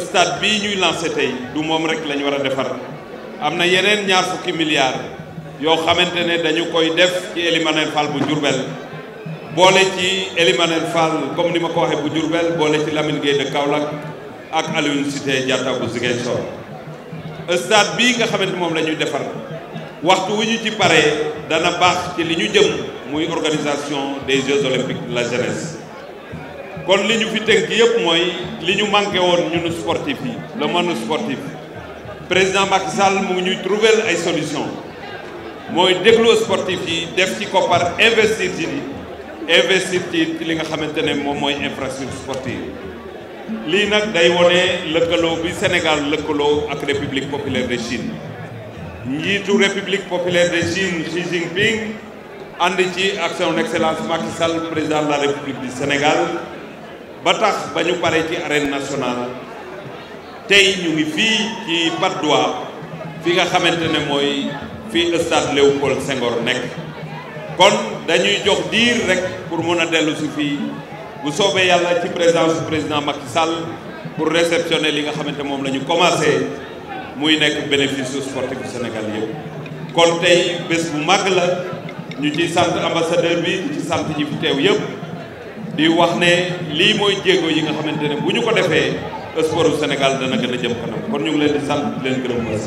stade bii ñuy lancé tey du moom rek la ñu war a defar am na yeneen ñaar fukki milliards yoo xamante ne dañu koy def ci Ely Manel bu Diourbel boole ci Ely Manel Fall comme ni ma ko waxee bu Diourbel boole ci Lamine Gueye de Kaolack ak Alioune Cité Diatta bu Ziguinchor stade bii nga xamante moom la ñuy defar waxtu wu ñu ci pare dana baax ci li ñu jëm muy organisation des Jeux olympiques la jeunesse kon li ñu fi tënk yëpp mooy li ñu manqué woon ñun sportif yi le monde sportif président Macky Sall mu ñuy trouver ay solution mooy déglu sportif yi def ci koppar investir ci investir ci li nga xamante ne moom mooy infrastructure sportive lii nag day wone lëkkaloo bi Sénégal lëkkaloo ak République populaire de Chine njiitu République populaire de Chine Xi Jinping ànd ci ak son excellence Macky Sall président de la République du Sénégal ba tax ba ñu pare ci arène nationale tey ñu ngi fii ci Patte d'Oie fi nga xamante ne mooy fii stade Léopold Senghor nekk kon dañuy jox diir rek pour mën a dellu si fii bu soobee yàlla ci présence président Macky Sall pour réceptionner li nga xamante moom la ñu commencé muy nekk bénéfice sportif bu Sénégal yëpp kon tey bés bu mag la ñu ci sant ambassadeur bi ci sant ñi fi teew yëpp di wax ne lii mooy jéego yi nga xamante ne bu ñu ko defee sport bu Sénégal dana gën a jëm kanam kon ñu ngi leen di sant di leen